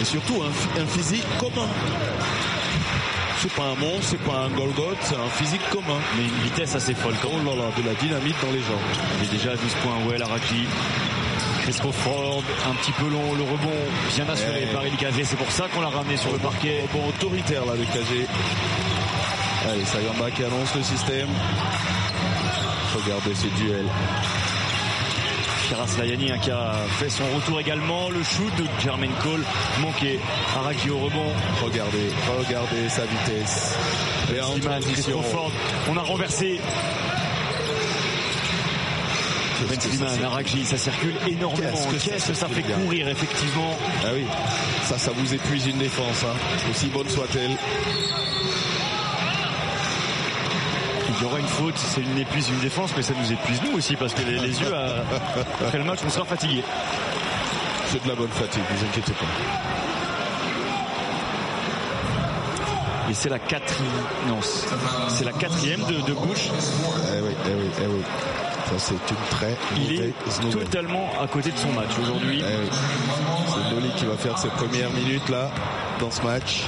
Et surtout un, physique commun. C'est pas un monstre, c'est pas un Golgoth, c'est un physique commun. Mais une vitesse assez folle. Quand oh là là, de la dynamite dans les jambes. est déjà à 10 points, ouais, Laraki. Christophe Ford, un petit peu long, le rebond bien assuré par El Kazé. C'est pour ça qu'on l'a ramené sur le parquet. Bon autoritaire là le Kazé. Allez, Sagamba qui annonce le système. Regardez ces duels. Karas Layani hein, qui a fait son retour également. Le shoot de Jermaine Cole manqué. Araki au rebond. Regardez, regardez sa vitesse. Et On a renversé ça circule énormément. Qu'est-ce que, ça, fait courir, effectivement Ah oui, ça, ça vous épuise une défense, hein. aussi bonne soit-elle. Il y aura une faute, c'est une épuise une défense, mais ça nous épuise nous aussi parce que les, yeux, à, euh, après le match, on sera fatigué. C'est de la bonne fatigue, ne vous inquiétez pas. Et c'est la quatrième, non, c'est la quatrième de, gauche Eh oui, eh oui, eh oui. Ça, c'est une très Il est totalement à côté de son match aujourd'hui. Eh c'est Dolly qui va faire ses premières minutes là dans ce match.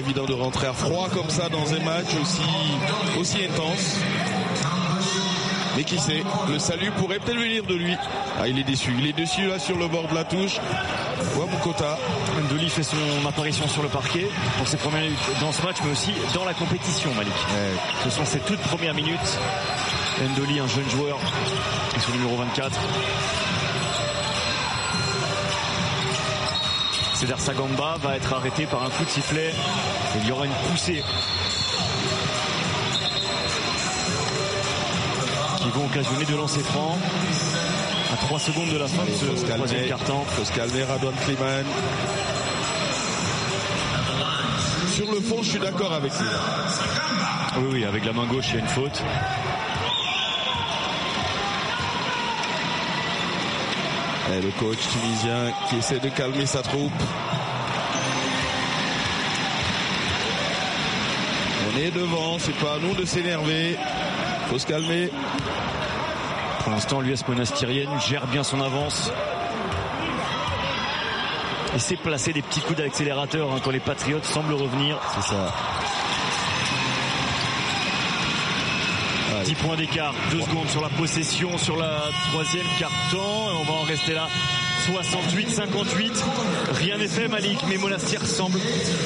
évident de rentrer à froid comme ça dans un match aussi, intense. Mais qui sait, le salut pourrait peut-être venir de lui. Ah, il est déçu. Il est déçu là sur le bord de la touche. Wamukota. Ndoli fait son apparition sur le parquet pour ses premières minutes dans ce match, mais aussi dans la compétition, Malik. Ce sont ses toutes premières minutes. Ndoli, un jeune joueur, sur son numéro 24. Cédar Sagamba va être arrêté par un coup de sifflet. Et il y aura une poussée qui vont occasionner de lancer franc. À 3 secondes de la fin de ce troisième carton. Faut se calmer, Sur le fond, je suis d'accord avec lui. Oui, oui, avec la main gauche, il y a une faute. Eh, le coach tunisien qui essaie de calmer sa troupe. On est devant, c'est pas à nous de s'énerver. Faut se calmer. Pour l'instant, l'US Monastirienne gère bien son avance. Et c'est placer des petits coups d'accélérateur hein, quand les Patriotes semblent revenir. C'est ça. 10 points d'écart, deux secondes sur la possession, sur la troisième carton. On va en rester là. 68-58. Rien n'est fait, Malik, mais Monastir semble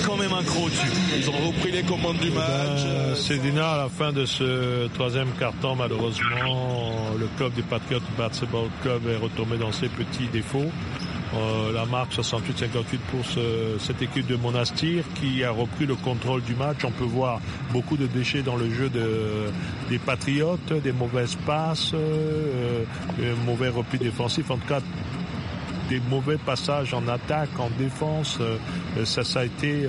quand même un dessus Ils ont repris les commandes du eh ben, match. Ben, Cédina, à la fin de ce troisième carton, malheureusement, le club du Patriot Basketball Club est retombé dans ses petits défauts. Euh, la marque 68-58 pour cette équipe de Monastir qui a repris le contrôle du match. On peut voir beaucoup de déchets dans le jeu des Patriotes, des mauvaises passes, euh, euh, mauvais repli défensif. En tout cas, des mauvais passages en attaque, en défense. ça, ça a été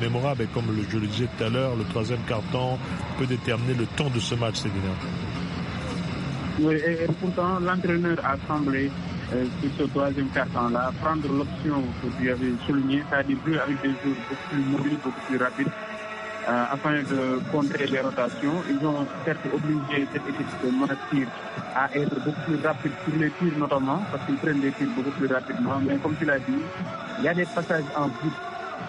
mémorable. Et comme je le disais tout à l'heure, le troisième carton peut déterminer le temps de ce match, Céline. Oui, et pourtant, l'entraîneur a semblé sur euh, ce troisième carton-là, prendre l'option que tu avais soulignée, c'est-à-dire avec des joueurs beaucoup plus mobiles, beaucoup plus rapides, euh, afin de contrer les rotations. Ils ont certes obligé cette équipe de Monastir à être beaucoup plus rapide sur les tirs notamment, parce qu'ils prennent des tirs beaucoup plus rapidement. Mais comme tu l'as dit, il y a des passages en but,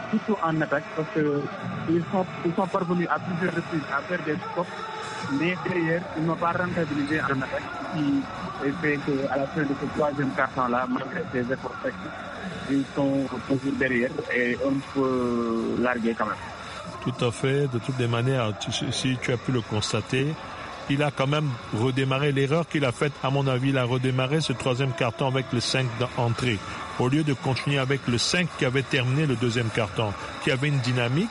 surtout en attaque, parce qu'ils sont, ils sont parvenus à plusieurs reprises à faire des stops, mais derrière, ils n'ont pas rentabilisé en attaque et fait qu'à la fin de ce troisième carton-là, malgré ses efforts ils sont toujours derrière et on peut larguer quand même. Tout à fait. De toutes les manières, si tu as pu le constater, il a quand même redémarré l'erreur qu'il a faite, à mon avis, il a redémarré ce troisième carton avec le 5 d'entrée, au lieu de continuer avec le 5 qui avait terminé le deuxième carton, qui avait une dynamique.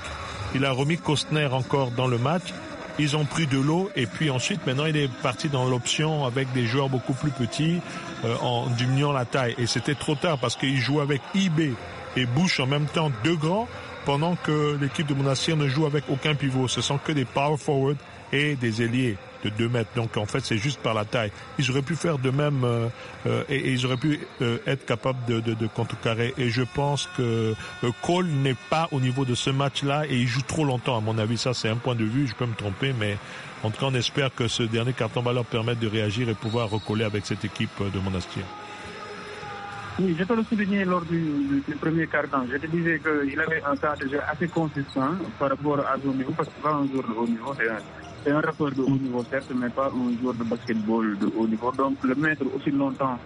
Il a remis Costner encore dans le match ils ont pris de l'eau et puis ensuite, maintenant, il est parti dans l'option avec des joueurs beaucoup plus petits euh, en diminuant la taille. Et c'était trop tard parce qu'il joue avec IB et Bush en même temps, deux grands, pendant que l'équipe de Monastir ne joue avec aucun pivot. Ce sont que des power forward et des ailiers de 2 mètres. Donc en fait, c'est juste par la taille. Ils auraient pu faire de même euh, euh, et, ils auraient pu euh, être capables de, de, de, contrecarrer. Et je pense que Cole n'est pas au niveau de ce match-là et il joue trop longtemps. À mon avis, ça c'est un point de vue. Je peux me tromper, mais en tout cas, on espère que ce dernier carton va leur permettre de réagir et pouvoir recoller avec cette équipe de Monastir. Oui, je te le soulignais lors du, du, premier carton, J'ai Je te disais qu'il avait un temps déjà assez consistant par rapport à son parce que pas un jour c'est c'est un rappeur de haut niveau, certes, mais pas un joueur de basketball de haut niveau. Donc, le mettre aussi longtemps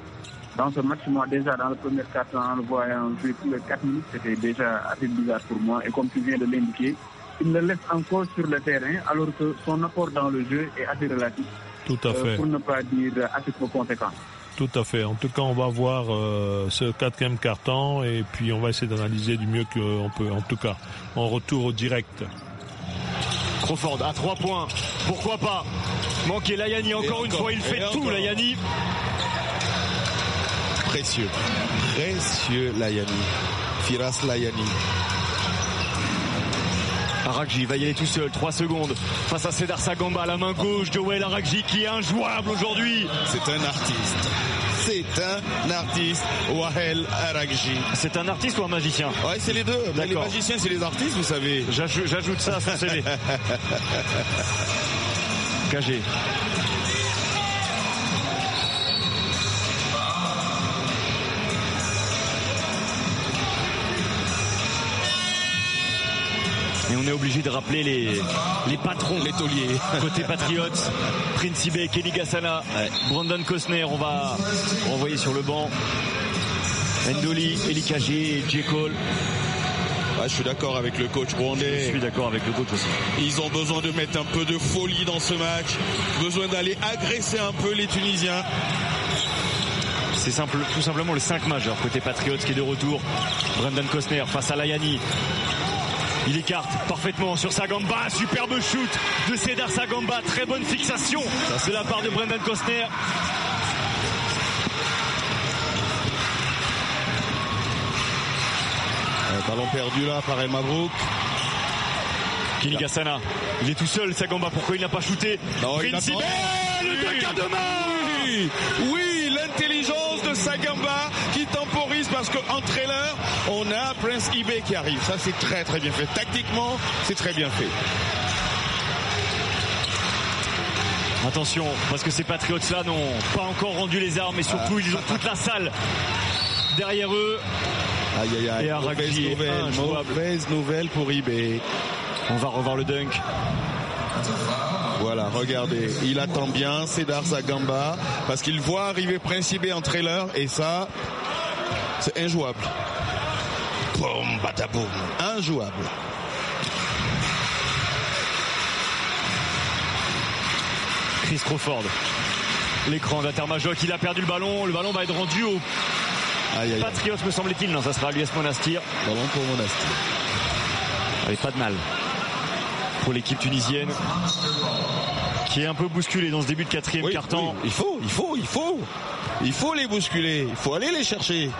dans ce match, moi, déjà, dans le premier quart temps, en le voyant jouer tous les 4 minutes, c'était déjà assez bizarre pour moi. Et comme tu viens de l'indiquer, il le laisse encore sur le terrain, alors que son apport dans le jeu est assez relatif. Tout à euh, fait. pour ne pas dire assez trop conséquent. Tout à fait. En tout cas, on va voir euh, ce quatrième carton et puis on va essayer d'analyser du mieux qu'on euh, peut. En tout cas, en retour au direct fort, à 3 points. Pourquoi pas Manquer Layani encore une fois. Il fait tout, Layani. Précieux. Précieux Layani. Firas Layani. Arakji va y aller tout seul, 3 secondes face à Cédar Sagamba, la main gauche de Well Arakji qui est injouable aujourd'hui. C'est un artiste c'est un artiste, Wahel Aragji. C'est un artiste ou un magicien Ouais, c'est les deux. les magiciens, c'est les artistes, vous savez. J'ajoute ça à son CV. Cagé. on est obligé de rappeler les, les patrons. Les tauliers. Côté Patriotes, Principe, Kelly Gassana, Brandon Costner, on va renvoyer sur le banc. Ndoli, Eli Kagé, J. Cole. Ah, je suis d'accord avec le coach rwandais. Je suis d'accord avec le coach aussi. Ils ont besoin de mettre un peu de folie dans ce match, besoin d'aller agresser un peu les Tunisiens. C'est simple, tout simplement le 5 majeur côté Patriots qui est de retour. Brandon Costner face à Layani. Il écarte parfaitement sur Sagamba. Superbe shoot de Cédar Sagamba. Très bonne fixation C'est la part de Brendan Costner. Euh, ballon perdu là par Emma Brook. Kilgassana. il est tout seul Sagamba, pourquoi il n'a pas shooté le de main oui l'intelligence de Sagamba parce qu'en trailer, on a Prince eBay qui arrive. Ça, c'est très très bien fait. Tactiquement, c'est très bien fait. Attention, parce que ces patriotes là n'ont pas encore rendu les armes et surtout, ils ont toute la salle derrière eux. Aïe, aïe, aïe. Et un mauvaise, nouvelle, mauvaise nouvelle pour eBay. On va revoir le dunk. Voilà, regardez, il attend bien Cédar gamba. parce qu'il voit arriver Prince Principe en trailer et ça, c'est injouable. Boum, bataboum. Injouable. Chris Crawford. L'écran Majoc, il a perdu le ballon. Le ballon va être rendu au aïe, me semble-t-il. Non, ça sera l'US Monastir. Ballon pour Monastir. Avec pas de mal pour l'équipe tunisienne qui est un peu bousculée dans ce début de quatrième quart-temps. il faut, il faut, il faut. Il faut les bousculer, il faut aller les chercher.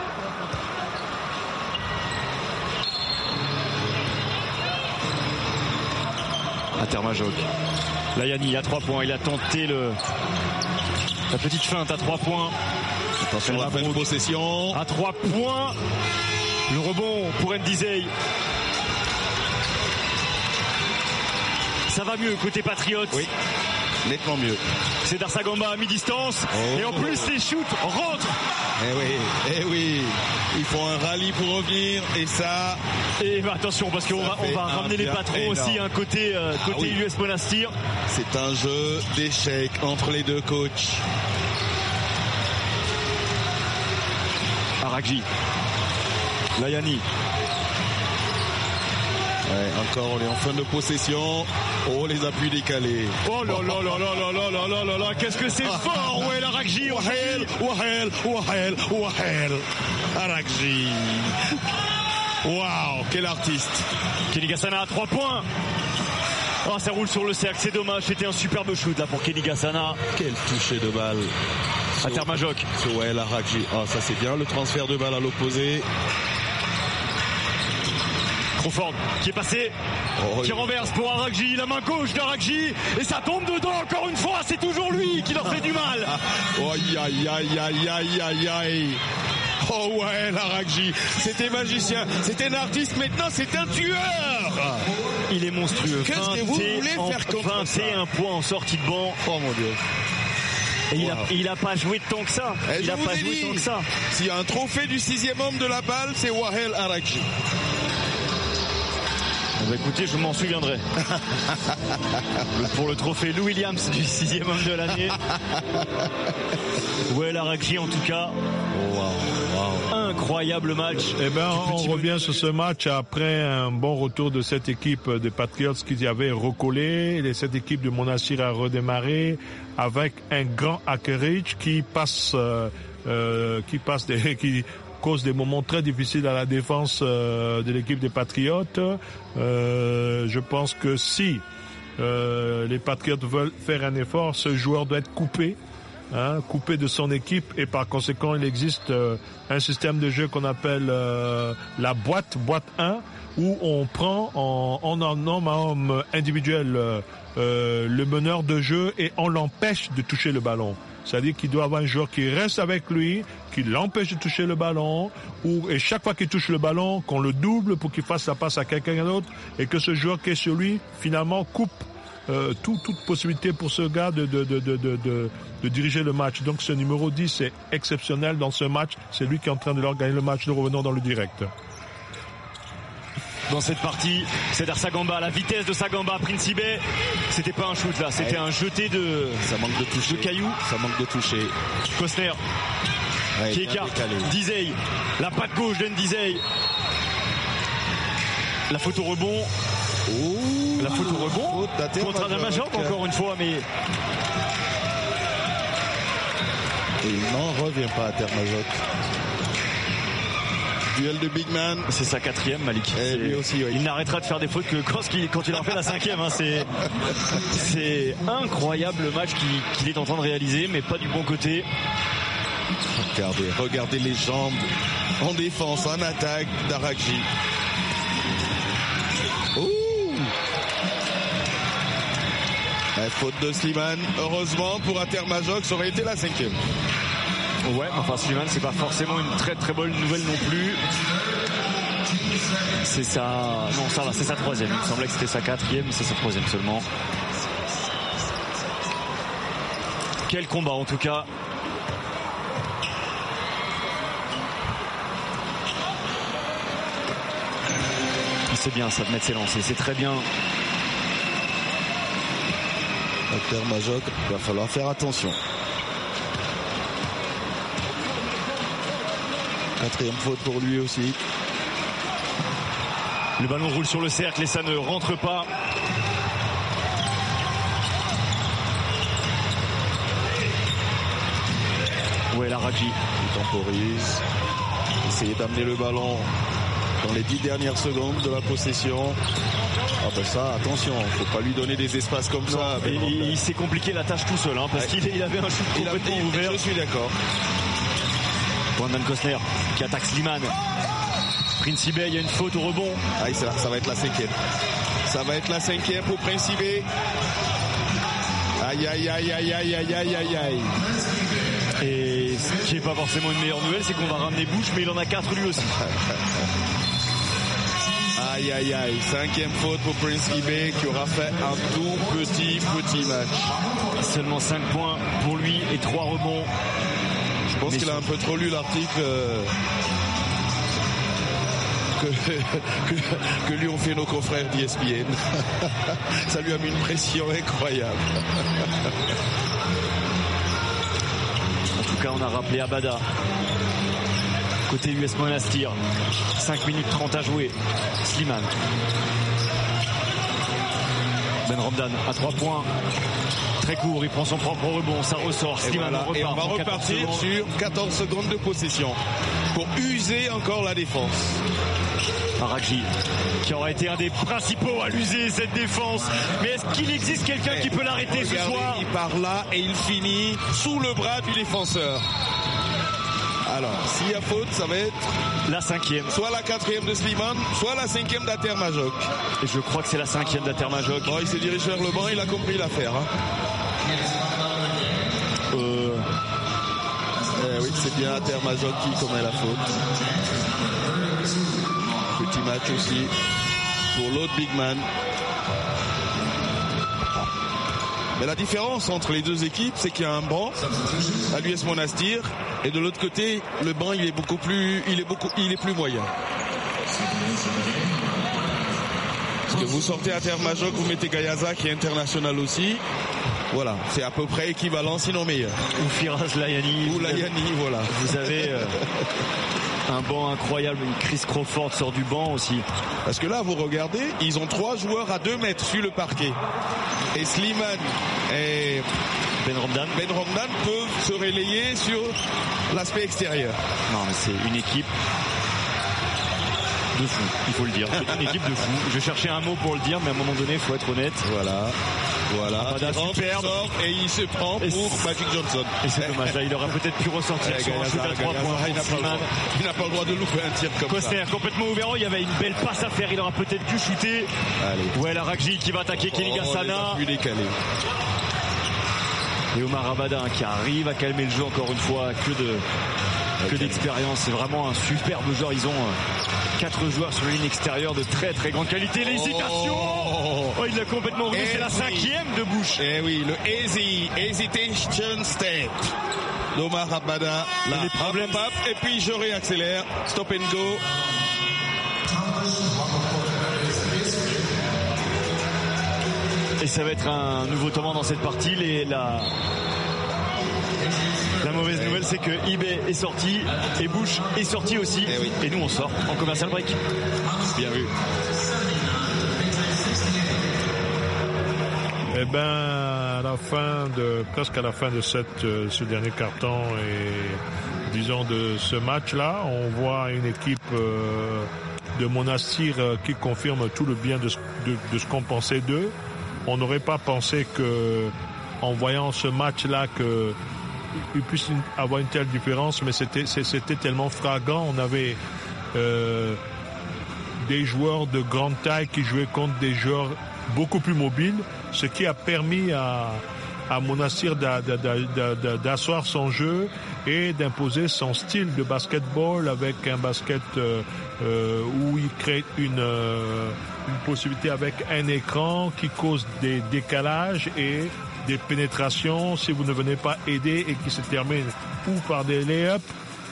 la Yanni a 3 points, il a tenté le... la petite feinte à 3 points. Attention à la possession. À 3 points. Le rebond pour Disey. Ça va mieux côté Patriote. Oui nettement mieux. C'est Darsagamba à mi-distance. Oh. Et en plus, les shoots rentrent. Eh oui, eh oui. Ils font un rallye pour revenir. Et ça. Et bah, attention, parce qu'on va, ramener les patrons aussi, un hein, côté, euh, ah côté US Monastir. C'est un jeu d'échecs entre les deux coachs. Aragji. Layani encore, on est en fin de possession. Oh, les appuis décalés. Oh là là là là là là là là là qu'est-ce que c'est ah. fort, Wahel Arakji. Wahel, Wahel, Wahel, Wahel. Arakji. Waouh, quel artiste. Kenny Gassana à 3 points. Oh, ça roule sur le cercle, c'est dommage. C'était un superbe shoot là pour Kenny Gassana. Quel toucher de balle. A à Termajoc. Oh, ah, ça c'est bien le transfert de balle à l'opposé. Crawford qui est passé, oh, qui renverse pour Aragji, la main gauche d'Aragji et ça tombe dedans encore une fois, c'est toujours lui qui leur fait du mal. Aïe aïe aïe aïe aïe Oh ouais, c'était magicien, c'était un artiste, maintenant c'est un tueur ah. Il est monstrueux. Qu'est-ce que vous voulez faire contre 21 points en sortie de banc. Oh mon dieu. il, a, il, a, pas joué tant que ça. Eh, il a pas joué de tant que ça. S'il y a un trophée du sixième homme de la balle, c'est Wahel Aragji. Bah, écoutez, je m'en souviendrai. Pour le trophée Lou Williams du sixième homme de l'année. Ouais, la raclée en tout cas. Incroyable match. Eh ben, on revient sur ce match après un bon retour de cette équipe des Patriots qui y avait recollé. Et cette équipe de Monastir a redémarré avec un grand Ackerich qui passe, euh, euh, qui passe des, qui cause des moments très difficiles à la défense euh, de l'équipe des Patriotes. Euh, je pense que si euh, les Patriotes veulent faire un effort, ce joueur doit être coupé. Hein, coupé de son équipe et par conséquent il existe un système de jeu qu'on appelle la boîte, boîte 1, où on prend en, en homme à homme individuel le meneur de jeu et on l'empêche de toucher le ballon. C'est-à-dire qu'il doit avoir un joueur qui reste avec lui qu'il l'empêche de toucher le ballon, ou et chaque fois qu'il touche le ballon, qu'on le double pour qu'il fasse la passe à quelqu'un d'autre, et que ce joueur qui est sur lui, finalement, coupe euh, tout, toute possibilité pour ce gars de, de, diriger le match. Donc ce numéro 10 est exceptionnel dans ce match. C'est lui qui est en train de leur gagner le match. Nous revenons dans le direct. Dans cette partie, c'est Sagamba, la vitesse de Sagamba, Principe, c'était pas un shoot là, c'était un jeté de ça manque de touche de cailloux, ça manque de toucher. Costner, ouais, qui écarte Dizey. La patte gauche d'Endizey La photo rebond. la photo rebond. contre contre Majoc encore une fois, mais. il n'en revient pas à Majoc Duel de Big Man. C'est sa quatrième, Malik. Eh, aussi, Il n'arrêtera de faire des fautes que quand, il, quand en fait la cinquième. Hein. C'est incroyable le match qu'il est en train de réaliser, mais pas du bon côté. Regardez, regardez les jambes en défense, en attaque d'Araki. La faute de Slimane, heureusement pour Intermajox, ça aurait été la cinquième. Ouais, enfin Slimane, c'est pas forcément une très très bonne nouvelle non plus. C'est sa. Non, ça va, c'est sa troisième. Il me semblait que c'était sa quatrième, c'est sa troisième seulement. Quel combat en tout cas c'est bien ça de mettre ses lancers, c'est très bien. Hector Majoc, il va falloir faire attention. Quatrième faute pour lui aussi. Le ballon roule sur le cercle et ça ne rentre pas. Où est la Raji Il temporise. Essayez d'amener le ballon dans les dix dernières secondes de la possession. Ah ben ça, attention, faut pas lui donner des espaces comme ça. Il, s'est compliqué la tâche tout seul, hein, parce qu'il avait un shoot complètement ouvert. Je suis d'accord. Brandon Costner qui attaque Slimane. Prince il y a une faute au rebond. Ah, ça, va être la cinquième. Ça va être la cinquième pour Prince Aïe, aïe, aïe, aïe, aïe, aïe, aïe, aïe, Et ce qui n'est pas forcément une meilleure nouvelle, c'est qu'on va ramener Bouche, mais il en a quatre lui aussi. Aïe, aïe, aïe. Cinquième faute pour Prince Kibé qui aura fait un tout petit, petit match. Seulement 5 points pour lui et 3 rebonds. Je pense qu'il a un peu trop lu l'article. Euh, que, que, lui ont fait nos confrères d'ESPN. Ça lui a mis une pression incroyable. En tout cas, on a rappelé Abada côté US Monastir. 5 minutes 30 à jouer. Slimane. Ben Romdan à 3 points. Très court, il prend son propre rebond, ça ressort. Slimane on va repartir sur 14 secondes de possession pour user encore la défense. Araki, qui aura été un des principaux à l'user cette défense. Mais est-ce qu'il existe quelqu'un qui eh, peut l'arrêter ce soir Il part là et il finit sous le bras du défenseur. Alors, s'il y a faute, ça va être la cinquième. Soit la quatrième de Sliman, soit la cinquième d'Ater Majoc Et je crois que c'est la cinquième d'Ater Majoc il s'est dirigé vers le banc, il a compris l'affaire. Hein. Euh, eh oui, c'est bien Ater Majoc qui commet la faute. Petit match aussi pour l'autre big man. Mais la différence entre les deux équipes, c'est qu'il y a un banc à l'US Monastir et de l'autre côté, le banc il est beaucoup plus, il est beaucoup, il est plus moyen. Parce que vous sortez à Terre Majoc, vous mettez Gayaza qui est international aussi. Voilà, c'est à peu près équivalent, sinon meilleur. Ou Firas Layani. Ou Layani, voilà. Vous avez. Euh, un banc incroyable, une Chris Crawford sort du banc aussi. Parce que là, vous regardez, ils ont trois joueurs à 2 mètres sur le parquet. Et Sliman et ben, ben Romdan. peuvent se relayer sur l'aspect extérieur. Non, mais c'est une équipe de fou, il faut le dire. une équipe de fou. Je cherchais un mot pour le dire, mais à un moment donné, il faut être honnête. Voilà. Voilà, superbe. et il se prend pour Magic Johnson. Et c'est dommage, là, il aurait peut-être pu ressortir sur un shoot 3 points. Il n'a pas, le droit de louper un tir comme ça. Coster complètement ouvert, oh, il y avait une belle passe à faire, il aura peut-être dû shooter. Allez. Ouais, la Raggi qui va attaquer oh, Kelly Gassana. Et Omar Abadin hein, qui arrive à calmer le jeu encore une fois, que que d'expérience. C'est vraiment un superbe joueur. Ils ont euh, Quatre joueurs sur une extérieure de très très grande qualité. L'hésitation oh. Oh, Il l'a complètement roulé, c'est la cinquième de bouche. Eh oui, le easy, hesitation step. L'Omar Abada, la les problèmes. et puis je réaccélère. Stop and go. Et ça va être un nouveau tournant dans cette partie. Les, la... La mauvaise nouvelle, c'est que eBay est sorti et Bush est sorti aussi. Eh et, nous, on sort en commercial break. Bien vu. Eh ben, à la fin de, presque à la fin de cette, euh, ce dernier carton et disons de ce match-là, on voit une équipe euh, de Monastir euh, qui confirme tout le bien de, de ce qu'on pensait d'eux. On n'aurait pas pensé que, en voyant ce match-là, que il puisse avoir une telle différence, mais c'était tellement fragant. On avait euh, des joueurs de grande taille qui jouaient contre des joueurs beaucoup plus mobiles, ce qui a permis à, à Monastir d'asseoir son jeu et d'imposer son style de basketball avec un basket euh, euh, où il crée une, une possibilité avec un écran qui cause des décalages et des pénétrations si vous ne venez pas aider et qui se terminent ou par des lay-ups,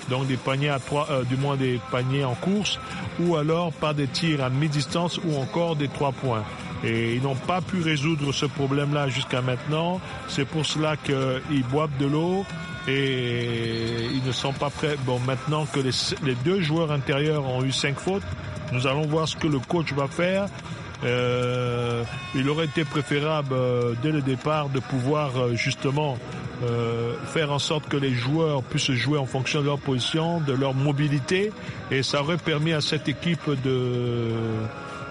donc des paniers à trois, euh, du moins des paniers en course, ou alors par des tirs à mi-distance ou encore des trois points. Et ils n'ont pas pu résoudre ce problème-là jusqu'à maintenant. C'est pour cela qu'ils boivent de l'eau et ils ne sont pas prêts. Bon, maintenant que les deux joueurs intérieurs ont eu cinq fautes, nous allons voir ce que le coach va faire euh, il aurait été préférable euh, dès le départ de pouvoir euh, justement faire en sorte que les joueurs puissent jouer en fonction de leur position, de leur mobilité, et ça aurait permis à cette équipe de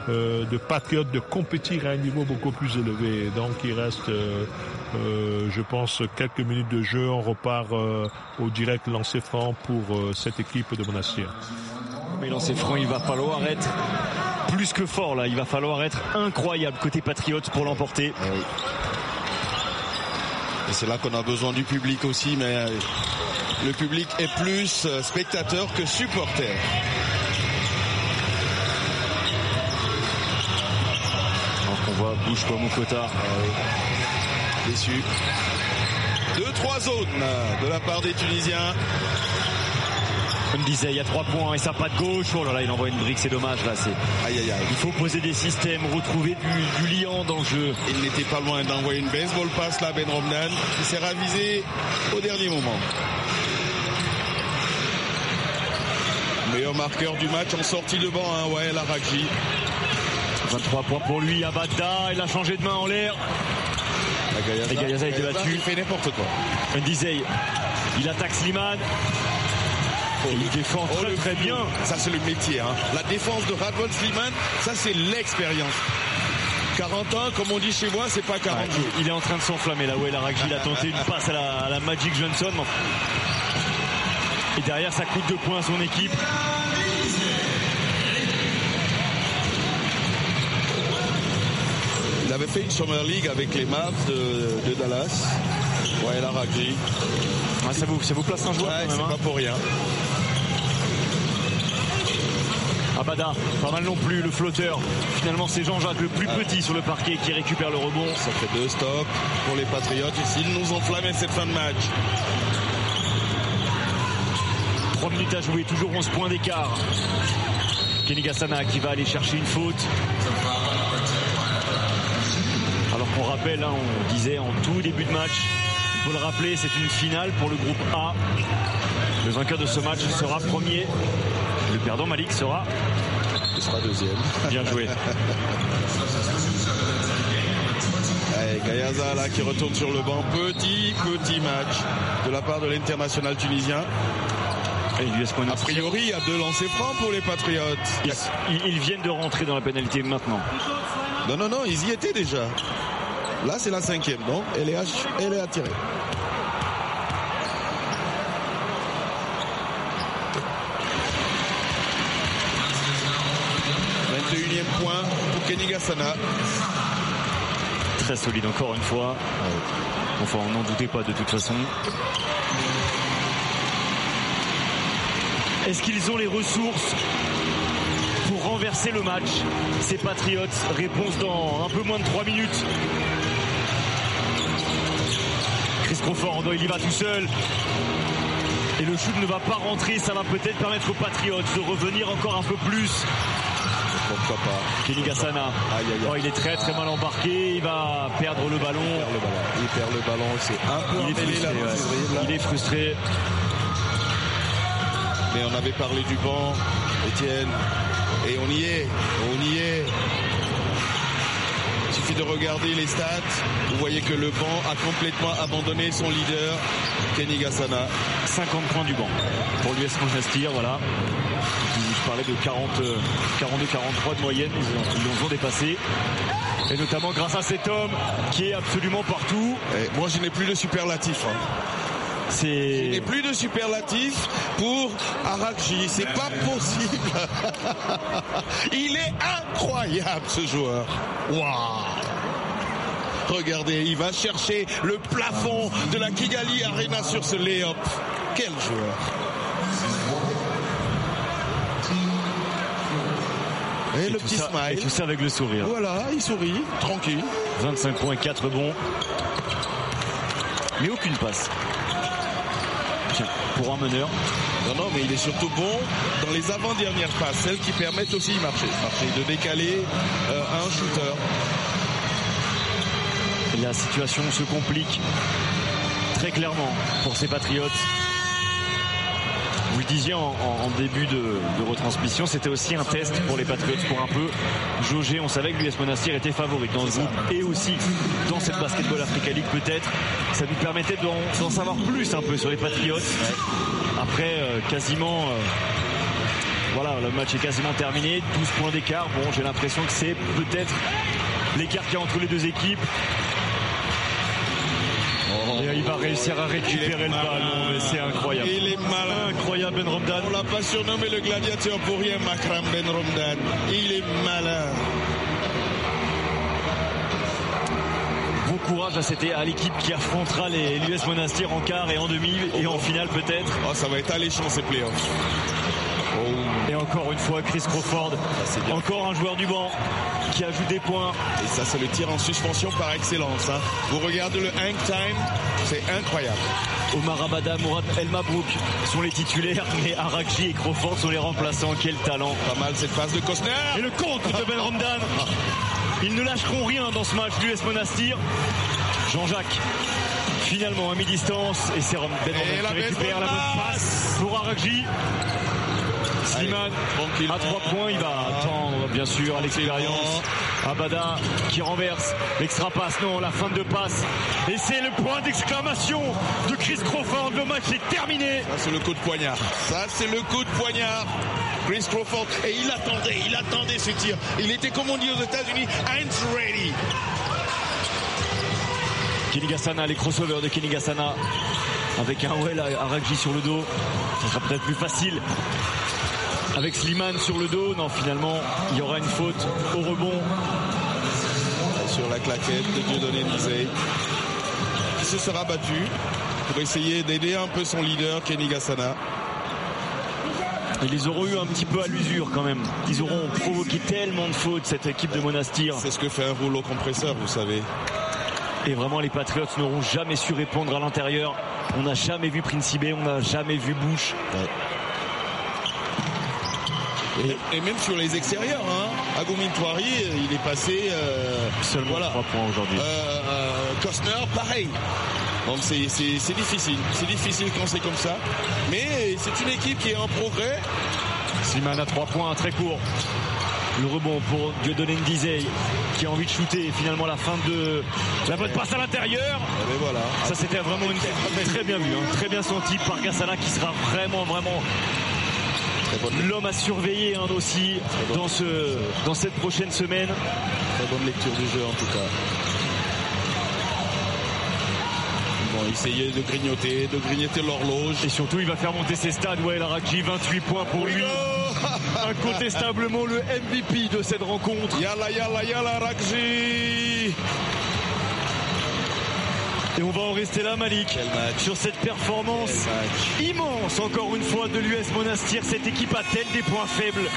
de patriotes de compétir à un niveau beaucoup plus élevé. Donc il reste, je pense, quelques minutes de jeu. On repart au direct lancé franc pour cette équipe de Monastir. Mais lancé franc, il va pas loin, arrête plus que fort là. Il va falloir être incroyable côté Patriote pour l'emporter. Ah Et c'est là qu'on a besoin du public aussi, mais euh, le public est plus euh, spectateur que supporter. on voit, bouge pas mon cotard. Ah Déçu. Deux, trois zones euh, de la part des Tunisiens. On disait, il y a trois points et ça pas de gauche. Oh là là, il envoie une brique, c'est dommage là. C'est... Il faut poser des systèmes, retrouver du, dans le jeu. Il n'était pas loin d'envoyer une baseball passe là, Ben Romnan, qui s'est ravisé au dernier moment. Meilleur marqueur du match en sortie de banc, hein, ouais, la 23 points pour lui, Abada, il a changé de main en l'air. Il fait n'importe quoi. il attaque Sliman il défend oh, très, bien. Ça, c'est le métier. Hein. La défense de Radwan Sliman, ça, c'est l'expérience. 40 ans, comme on dit chez moi, c'est pas 40 Il est en train de s'enflammer là. où la il a tenté une passe à la, Magic Johnson. Et derrière, ça coûte deux points à son équipe. Il avait fait une Summer League avec les Mavs de, Dallas. Ouais, ça, vous, vous place un joueur hein. pas pour rien pas mal non plus, le flotteur. Finalement, c'est Jean-Jacques le plus petit sur le parquet qui récupère le rebond. Ça fait deux stops pour les Patriotes. s'ils nous ont cette fin de match. 3 minutes à jouer, toujours 11 points d'écart. Kenny Gassana qui va aller chercher une faute. Alors qu'on rappelle, hein, on disait en tout début de match, il faut le rappeler, c'est une finale pour le groupe A. Le vainqueur de ce match sera premier le perdant Malik sera. sera deuxième. Bien joué. Gayaza là qui retourne sur le banc. Petit, petit match de la part de l'international tunisien. Et a priori, il y a deux lancers francs pour les Patriotes. Ils, viennent de rentrer dans la pénalité maintenant. Non, non, non, ils y étaient déjà. Là, c'est la cinquième, donc elle est, elle est attirée. Très solide encore une fois. Euh, on n'en doutait pas de toute façon. Est-ce qu'ils ont les ressources pour renverser le match Ces Patriots, réponse dans un peu moins de 3 minutes. Chris Crawford, il y va tout seul. Et le shoot ne va pas rentrer, ça va peut-être permettre aux Patriots de revenir encore un peu plus pourquoi pas. Kenny Gassana. Oh, il est très très mal embarqué, il va perdre le ballon. Il perd le ballon, c'est un peu il est frustré, Mais on avait parlé du banc, Étienne, et on y est, on y est. Il suffit de regarder les stats, vous voyez que le banc a complètement abandonné son leader, Kenny Gassana. 50 points du banc pour lui l'US Manchester, voilà parler de 42-43 euh, de moyenne, ils l'ont ont dépassé. Et notamment grâce à cet homme qui est absolument partout. moi je n'ai plus de superlatif. Hein. Je n'ai plus de superlatif pour Arakji. C'est pas euh. possible. Il est incroyable ce joueur. Waouh. Regardez, il va chercher le plafond de la Kigali Arena sur ce Léop. Quel joueur. le petit smile. tout ça avec le sourire. Voilà, il sourit, tranquille. 25 points, 4 bons. Mais aucune passe. pour un meneur. Non, non, mais il est surtout bon dans les avant-dernières passes, celles qui permettent aussi de marcher, de décaler euh, un shooter. La situation se complique très clairement pour ces Patriotes vous le disiez en, début de, retransmission, c'était aussi un test pour les Patriots pour un peu jauger. On savait que l'US Monastir était favori dans ce groupe et aussi dans cette Basketball Africa peut-être. Ça nous permettait d'en savoir plus un peu sur les Patriots. Après euh, quasiment... Euh, voilà, le match est quasiment terminé, 12 points d'écart. Bon, j'ai l'impression que c'est peut-être l'écart qu'il y a entre les deux équipes il va réussir à récupérer le ballon, c'est incroyable. Il est malin. Incroyable Ben Romdan. On l'a pas surnommé le gladiateur pour rien, macram Ben Romdan. Il est malin. Bon courage à, à l'équipe qui affrontera les l'US Monastir en quart et en demi et en finale peut-être. Oh, ça va être alléchant ces playoffs. Et encore une fois, Chris Crawford, encore un joueur du banc qui ajoute des points. Et ça, c'est le tir en suspension par excellence. Hein. Vous regardez le hang time, c'est incroyable. Omar Abada, Mourad El Mabrouk sont les titulaires, mais Araki et Crawford sont les remplaçants. Quel talent. Pas mal cette phase de Cosner Et le compte de Ben Ramdan. Ah. Ils ne lâcheront rien dans ce match du S Monastir. Jean-Jacques finalement à mi-distance et c'est ben Ramdan qui récupère la bonne passe pour Arakji Slimane à trois points, il va ah. attendre bien sûr, l'expérience. Abada qui renverse, l'extra passe, non, la fin de passe. Et c'est le point d'exclamation de Chris Crawford. Le match est terminé. Ça, c'est le coup de poignard. Ça, c'est le coup de poignard. Chris Crawford. Et il attendait, il attendait ce tir. Il était, comme on dit aux États-Unis, And ready. Kenny les crossovers de Kenny Avec un well à Raggi sur le dos. ça sera peut-être plus facile avec Slimane sur le dos. Non, finalement, il y aura une faute au rebond. Sur la claquette de Dieudonné Mizé, qui se sera battu pour essayer d'aider un peu son leader, Kenny Gassana. Ils auront eu un petit peu à l'usure quand même. Ils auront provoqué tellement de fautes cette équipe de Monastir. C'est ce que fait un rouleau compresseur, vous savez. Et vraiment, les Patriots n'auront jamais su répondre à l'intérieur. On n'a jamais vu Principe, on n'a jamais vu Bush. Et, même sur les extérieurs, hein, Agumin il est passé. Euh, Seulement voilà. 3 points aujourd'hui. Euh, euh, Costner, pareil. Donc c'est difficile. C'est difficile quand c'est comme ça. Mais c'est une équipe qui est en progrès. Slimane a 3 points, très court. Le rebond pour Dieudonné Ndizey qui a envie de shooter finalement la fin de la bonne passe à l'intérieur. Ah, voilà. Ça c'était vraiment une très bien vu, hein. très bien senti par Gassala qui sera vraiment vraiment L'homme a surveillé hein, aussi dans, ce, dans cette prochaine semaine. Très bonne lecture du jeu en tout cas. Bon, essayer de grignoter, de grignoter l'horloge. Et surtout, il va faire monter ses stades. Ouais, Laraki, 28 points pour lui. Oh Incontestablement le MVP de cette rencontre. Yala, yala, yala, Rakji et on va en rester là, Malik, sur cette performance immense, encore une fois, de l'US Monastir. Cette équipe a-t-elle des points faibles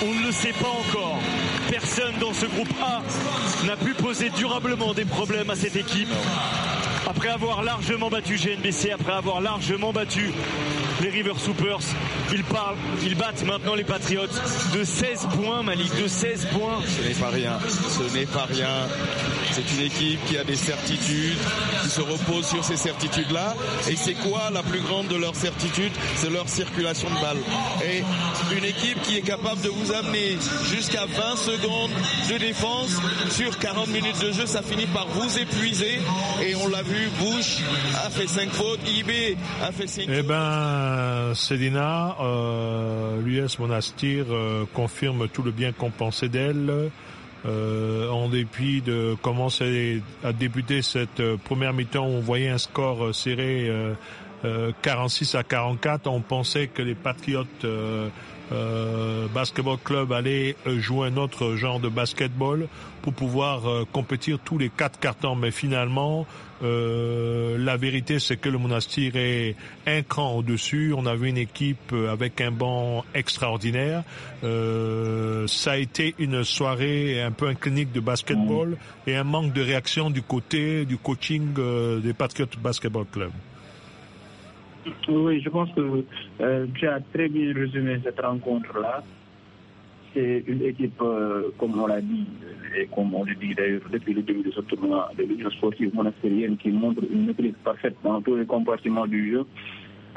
on ne le sait pas encore. Personne dans ce groupe A n'a pu poser durablement des problèmes à cette équipe. Après avoir largement battu GNBC, après avoir largement battu les River Soupers, ils, parlent, ils battent maintenant les Patriots de 16 points, Malik, de 16 points. Ce n'est pas rien, ce n'est pas rien. C'est une équipe qui a des certitudes, qui se repose sur ces certitudes-là. Et c'est quoi la plus grande de leurs certitudes C'est leur circulation de balles. Et une équipe qui est capable de vous amener jusqu'à 20 secondes de défense sur 40 minutes de jeu, ça finit par vous épuiser. Et on l'a vu, Bush a fait 5 fautes, IB a fait 5 eh fautes. Eh ben, Sedina, euh, l'US Monastir euh, confirme tout le bien qu'on pensait d'elle. Euh, en dépit de commencer à débuter cette euh, première mi-temps où on voyait un score euh, serré 46 à 44, on pensait que les Patriotes euh, basketball club allait euh, jouer un autre genre de basketball pour pouvoir euh, compétir tous les quatre cartons. Mais finalement, la vérité, c'est que le Monastir est un cran au-dessus. On avait une équipe avec un banc extraordinaire. ça a été une soirée un peu un clinique de basketball et un manque de réaction du côté du coaching des Patriots Basketball Club. Oui, je pense que euh, tu as très bien résumé cette rencontre-là. C'est une équipe, euh, comme on l'a dit, et comme on le dit d'ailleurs depuis le début de ce tournoi de l'Union sportive monastérienne, qui montre une maîtrise parfaite dans tous les compartiments du jeu.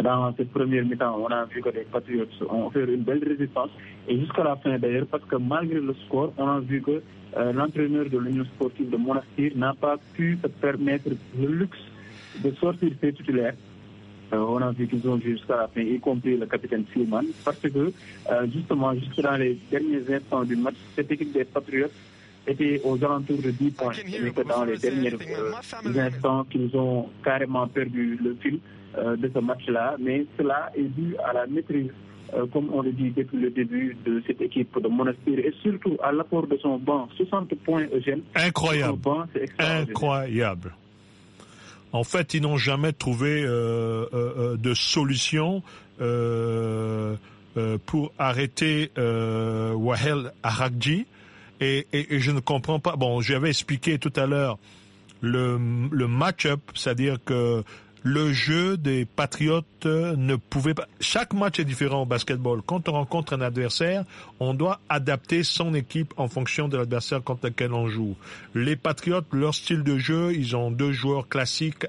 Dans cette première mi-temps, on a vu que les Patriotes ont fait une belle résistance, et jusqu'à la fin d'ailleurs, parce que malgré le score, on a vu que euh, l'entraîneur de l'Union sportive de Monastir n'a pas pu se permettre le luxe de sortir ses titulaires euh, on a vu qu'ils ont jusqu'à la fin, y compris le capitaine Fulman, parce que euh, justement, jusque dans les derniers instants du match, cette équipe des Patriotes était aux alentours de 10 points. C'est dans les derniers euh, instants qu'ils ont carrément perdu le fil de ce match-là, mais cela est dû à la maîtrise comme on le dit depuis le début de cette équipe de Monastir et surtout à l'apport de son banc, 60 points Eugène. Incroyable. Incroyable. En fait, ils n'ont jamais trouvé euh, euh, euh, de solution pour arrêter Wahel Arakji. Et, je ne comprends pas. Bon, j'avais expliqué tout à l'heure le, le match-up, c'est-à-dire que le jeu des Patriotes ne pouvait pas... Chaque match est différent au basketball. Quand on rencontre un adversaire, on doit adapter son équipe en fonction de l'adversaire contre lequel on joue. Les Patriotes, leur style de jeu, ils ont deux joueurs classiques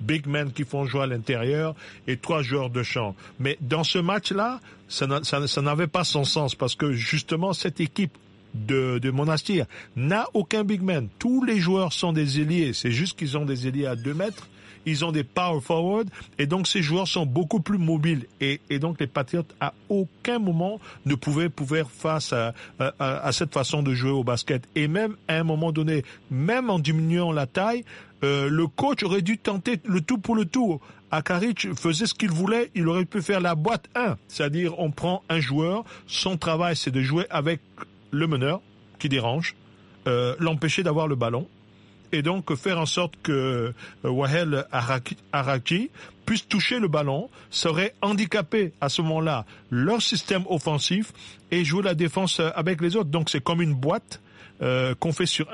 big men qui font jouer à l'intérieur et trois joueurs de champ. Mais dans ce match-là, ça n'avait pas son sens parce que justement cette équipe de, Monastir n'a aucun big man. Tous les joueurs sont des ailiers. C'est juste qu'ils ont des ailiers à deux mètres ils ont des power forward et donc ces joueurs sont beaucoup plus mobiles et, donc les Patriots à aucun moment ne pouvaient pouvoir face à, à, cette façon de jouer au basket. Et même à un moment donné, même en diminuant la taille, euh, le coach aurait dû tenter le tout pour le tout. Akaric faisait ce qu'il voulait, il aurait pu faire la boîte 1, c'est-à-dire on prend un joueur, son travail c'est de jouer avec le meneur qui dérange, euh, l'empêcher d'avoir le ballon et donc faire en sorte que euh, Wahel Araki, puisse toucher le ballon, serait handicapé à ce moment-là leur système offensif et jouer la défense avec les autres. Donc c'est comme une boîte euh, qu'on fait sur un